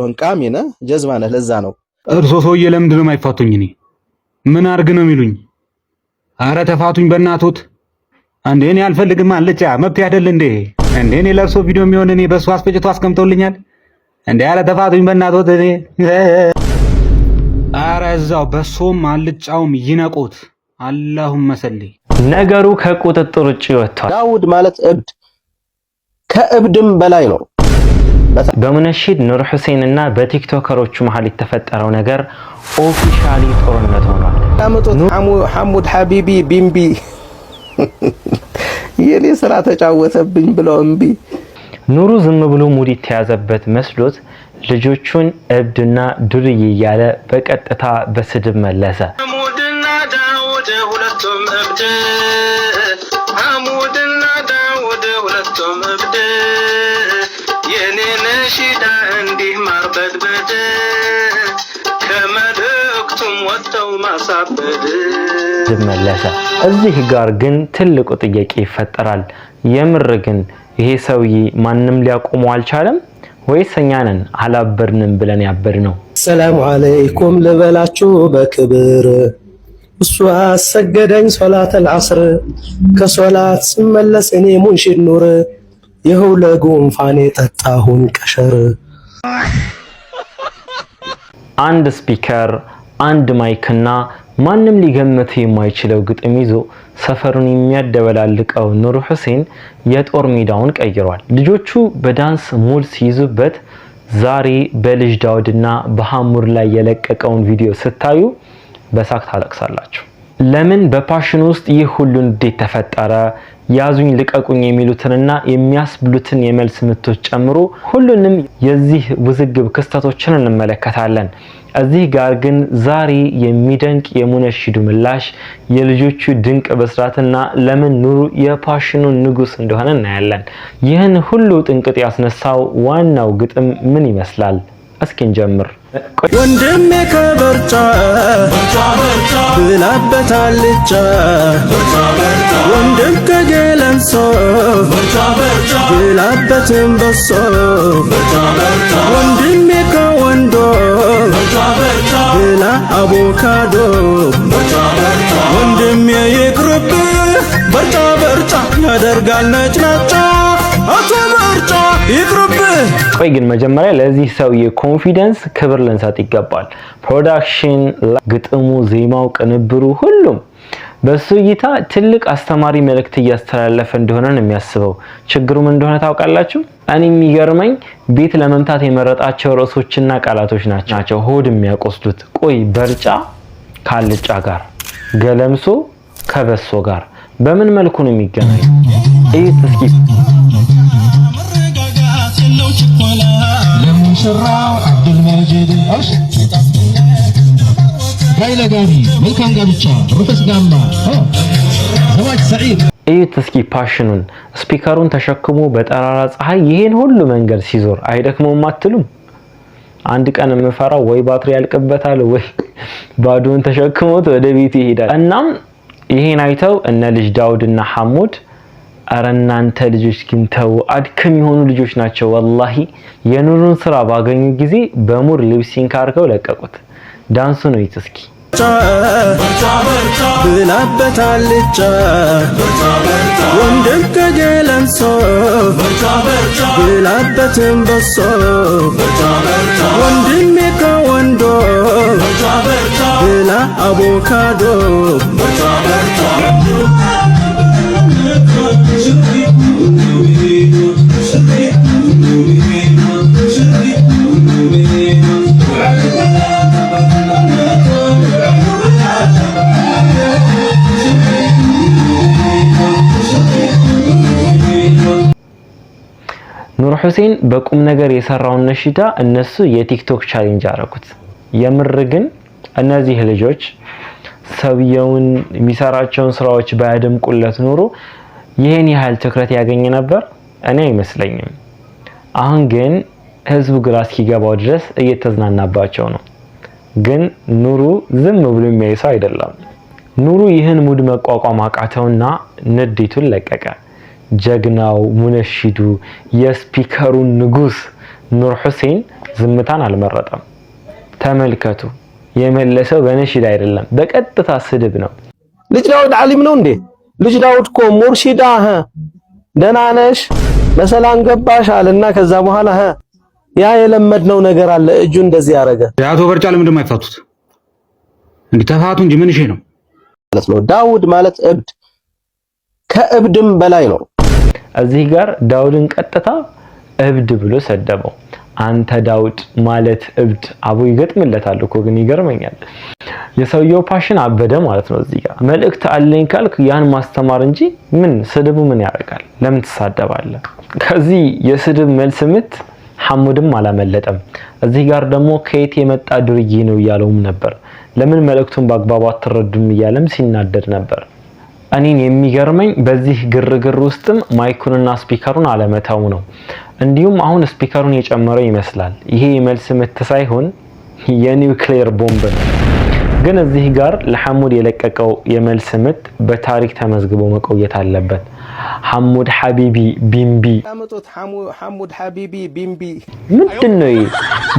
ስለሆን ቃሚ ነ ጀዝባ ነህ። ለዛ ነው እርሶ ሰውዬ ለምንድን ነው የማይፋቱኝ? እኔ ምን አርግ ነው የሚሉኝ? አረ ተፋቱኝ በእናቶት እንዴ! እኔ አልፈልግም። አለጫ መብት ያደል እንዴ? እንዴ እኔ ለእርሶ ቪዲዮ የሚሆን እኔ በእሱ አስፈጭቶ አስቀምጠውልኛል። እንዴ አረ ተፋቱኝ በእናቶት እኔ አረ እዛው በሶም አልጫውም ይነቁት። አላሁም መሰሌ ነገሩ ከቁጥጥር ውጭ ወጥቷል። ዳውድ ማለት እብድ ከእብድም በላይ ነው። በሙነሺድ ኑር ሁሴን እና በቲክቶከሮቹ መሀል የተፈጠረው ነገር ኦፊሻሊ ጦርነት ሆኗል። ሐሙድ ሀቢቢ ቢምቢ የኔ ስራ ተጫወተብኝ ብለው እምቢ። ኑሩ ዝም ብሎ ሙድ የተያዘበት መስሎት ልጆቹን እብድና ዱርዬ እያለ በቀጥታ በስድብ መለሰ። ሐሙድና ዳውድ ሁለቱም እብድ፣ ሐሙድና ዳውድ ሁለቱም እብድ ዳውድ ሁለቱም እብድ ሽዳ እንዲህ ማርበድበድ ከመልእክቱም ወጥተው ማሳበድ መለሰ። እዚህ ጋር ግን ትልቁ ጥያቄ ይፈጠራል። የምር ግን ይሄ ሰውዬ ማንም ሊያቆመው አልቻለም ወይስ እኛ ነን አላበድንም ብለን ያበድ ነው? ሰላሙ አለይኩም ልበላችሁ በክብር እሱ አሰገደኝ ሶላት አልዐስር ከሶላት ስመለስ እኔ ሙንሽድ ኑር ይኸው ለጉንፋን የጠጣሁን ቀሸር። አንድ ስፒከር፣ አንድ ማይክ እና ማንም ሊገምት የማይችለው ግጥም ይዞ ሰፈሩን የሚያደበላልቀው ኑር ሁሴን የጦር ሜዳውን ቀይሯል። ልጆቹ በዳንስ ሙል ሲይዙበት ዛሬ በልጅ ዳውድና በሐሙር ላይ የለቀቀውን ቪዲዮ ስታዩ በሳቅ ታለቅሳላችሁ። ለምን በፓሽን ውስጥ ይህ ሁሉ እንዴት ተፈጠረ፣ ያዙኝ ልቀቁኝ የሚሉትንና የሚያስብሉትን የመልስ ምቶች ጨምሮ ሁሉንም የዚህ ውዝግብ ክስተቶችን እንመለከታለን። እዚህ ጋር ግን ዛሬ የሚደንቅ የሙነሽዱ ምላሽ፣ የልጆቹ ድንቅ ብስራትና ለምን ኑሩ የፓሽኑ ንጉስ እንደሆነ እናያለን። ይህን ሁሉ ጥንቅጥ ያስነሳው ዋናው ግጥም ምን ይመስላል? እስኪን ጀምር ወንድሜ ከበርጫ ብላበታልቻ ወንድም ከገለንሶ ብላበትን በሶ ወንድሜ ከወንዶ ብላ አቮካዶ ወንድሜ ይቅርብህ በርጫ በርጫ ያደርጋል ናጫ ቆይ ግን መጀመሪያ ለዚህ ሰውዬ ኮንፊደንስ ክብር ልንሰጥ ይገባል። ፕሮዳክሽን፣ ግጥሙ፣ ዜማው፣ ቅንብሩ ሁሉም በሱ እይታ ትልቅ አስተማሪ መልእክት እያስተላለፈ እንደሆነ ነው የሚያስበው። ችግሩም እንደሆነ ታውቃላችሁ? እኔ የሚገርመኝ ቤት ለመምታት የመረጣቸው ርዕሶችና ቃላቶች ናቸው ሆድ የሚያቆስሉት። ቆይ በርጫ ካልጫ ጋር፣ ገለምሶ ከበሶ ጋር በምን መልኩ ነው የሚገናኙ? እዩት እስኪ። ሙሽራው አብዱል መጂድ ጋይለ ጋቢ መልካም ጋብቻ ሩፈስ ጋማ ዘዋጅ ሰዒድ እዩት እስኪ ፓሽኑን ስፒከሩን ተሸክሞ በጠራራ ፀሐይ ይሄን ሁሉ መንገድ ሲዞር አይደክመውም አትሉም? አንድ ቀን የምፈራው ወይ ባትሪ ያልቅበታል ወይ ባዶን ተሸክሞት ወደ ቤት ይሄዳል። እናም ይሄን አይተው እነ ልጅ ዳውድ እና ሐሙድ አረ እናንተ ልጆች ግን ተው፣ አድከም የሆኑ ልጆች ናቸው። ወላሂ የኑሩን ስራ ባገኙ ጊዜ በሙር ልብሲን ካርከው ለቀቁት። ዳንሱ ነው ይትስኪ ብላበታልጫ ወንድም ከጌለንሶ ብላበትን በሶ ወንድሜ ከወንዶ ብላ አቮካዶ ኑር ሁሴን በቁም ነገር የሰራውን ነሽዳ እነሱ የቲክቶክ ቻሌንጅ አረጉት። የምር ግን እነዚህ ልጆች ሰውየውን የሚሰራቸውን ስራዎች ባያደምቁለት ኑሮ ይህን ያህል ትኩረት ያገኘ ነበር? እኔ አይመስለኝም። አሁን ግን ህዝቡ ግራ እስኪገባው ድረስ እየተዝናናባቸው ነው። ግን ኑሩ ዝም ብሎ የሚያይ ሰው አይደለም። ኑሩ ይህን ሙድ መቋቋም አቃተውና ንዴቱን ለቀቀ። ጀግናው ሙነሽዱ፣ የስፒከሩ ንጉስ ኑር ሁሴን ዝምታን አልመረጠም። ተመልከቱ፣ የመለሰው በነሽድ አይደለም፣ በቀጥታ ስድብ ነው። ልጅ ዳውድ ዓሊም ነው እንዴ? ልጅ ዳውድ እኮ ሙርሺዳ ደህና ነሽ በሰላም ገባሽ አለና ከዛ በኋላ ያ የለመድነው ነገር አለ። እጁ እንደዚህ ያደረገ የአቶ በርጫ ለምንድን እንዴ ተፋቱ እንጂ ምን ነው ማለት ነው። ዳውድ ማለት እብድ ከእብድም በላይ ነው። እዚህ ጋር ዳውድን ቀጥታ እብድ ብሎ ሰደበው። አንተ ዳውድ ማለት እብድ አቡ ይገጥምለታል እኮ ግን ይገርመኛል። የሰውየው ፓሽን አበደ ማለት ነው። እዚህ ጋር መልእክት አለኝ ካልክ ያን ማስተማር እንጂ ምን ስድቡ ምን ያደርጋል? ለምን ትሳደባለ? ከዚህ የስድብ መልስ ምት ሐሙድም አላመለጠም። እዚህ ጋር ደግሞ ከየት የመጣ ድርጊ ነው እያለውም ነበር። ለምን መልእክቱን በአግባቡ አትረዱም እያለም ሲናደድ ነበር። እኔን የሚገርመኝ በዚህ ግርግር ውስጥም ማይኩንና ስፒከሩን አለመተው ነው። እንዲሁም አሁን ስፒከሩን የጨመረው ይመስላል። ይሄ የመልስ ምት ሳይሆን የኒውክሌር ቦምብ ነው። ግን እዚህ ጋር ለሐሙድ የለቀቀው የመልስ ምት በታሪክ ተመዝግቦ መቆየት አለበት። ሐሙድ ሐቢቢ ቢምቢ ቢምቢ ምንድን ነው?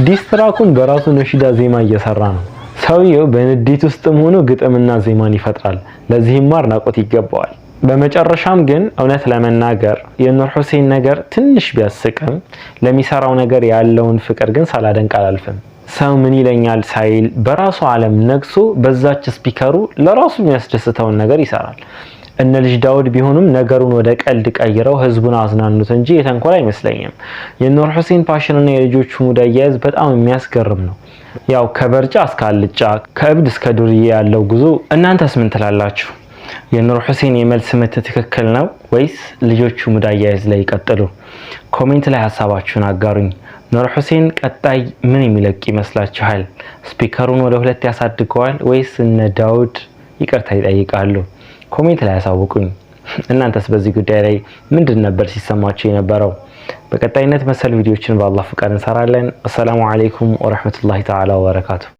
ዲስትራኩን በራሱ ነሽዳ ዜማ እየሰራ ነው። ሰውየው በንዴት ውስጥም ሆኖ ግጥምና ዜማን ይፈጥራል። ለዚህም አድናቆት ይገባዋል። በመጨረሻም ግን እውነት ለመናገር የኑር ሁሴን ነገር ትንሽ ቢያስቅም ለሚሰራው ነገር ያለውን ፍቅር ግን ሳላደንቅ አላልፍም። ሰው ምን ይለኛል ሳይል በራሱ ዓለም ነግሶ በዛች ስፒከሩ ለራሱ የሚያስደስተውን ነገር ይሰራል። እነ ልጅ ዳውድ ቢሆኑም ነገሩን ወደ ቀልድ ቀይረው ህዝቡን አዝናኑት እንጂ የተንኮል አይመስለኝም። የኑር ሁሴን ፋሽንና የልጆቹ ሙድ አያያዝ በጣም የሚያስገርም ነው። ያው ከበርጫ እስከ አልጫ ከእብድ እስከ ዱርዬ ያለው ጉዞ። እናንተስ ምን ትላላችሁ? የኑር ሁሴን የመልስ ምት ትክክል ነው ወይስ ልጆቹ ሙድ አያያዝ ላይ ይቀጥሉ? ኮሜንት ላይ ሀሳባችሁን አጋሩኝ። ኑር ሁሴን ቀጣይ ምን የሚለቅ ይመስላችኋል? ስፒከሩን ወደ ሁለት ያሳድገዋል ወይስ እነ ዳውድ ይቅርታ ይጠይቃሉ? ኮሜንት ላይ ያሳውቁኝ። እናንተስ በዚህ ጉዳይ ላይ ምንድን ነበር ሲሰማችሁ የነበረው? በቀጣይነት መሰል ቪዲዮችን በአላህ ፍቃድ እንሰራለን። አሰላሙ አለይኩም ወረህመቱላሂ ተዓላ ወበረካቱ።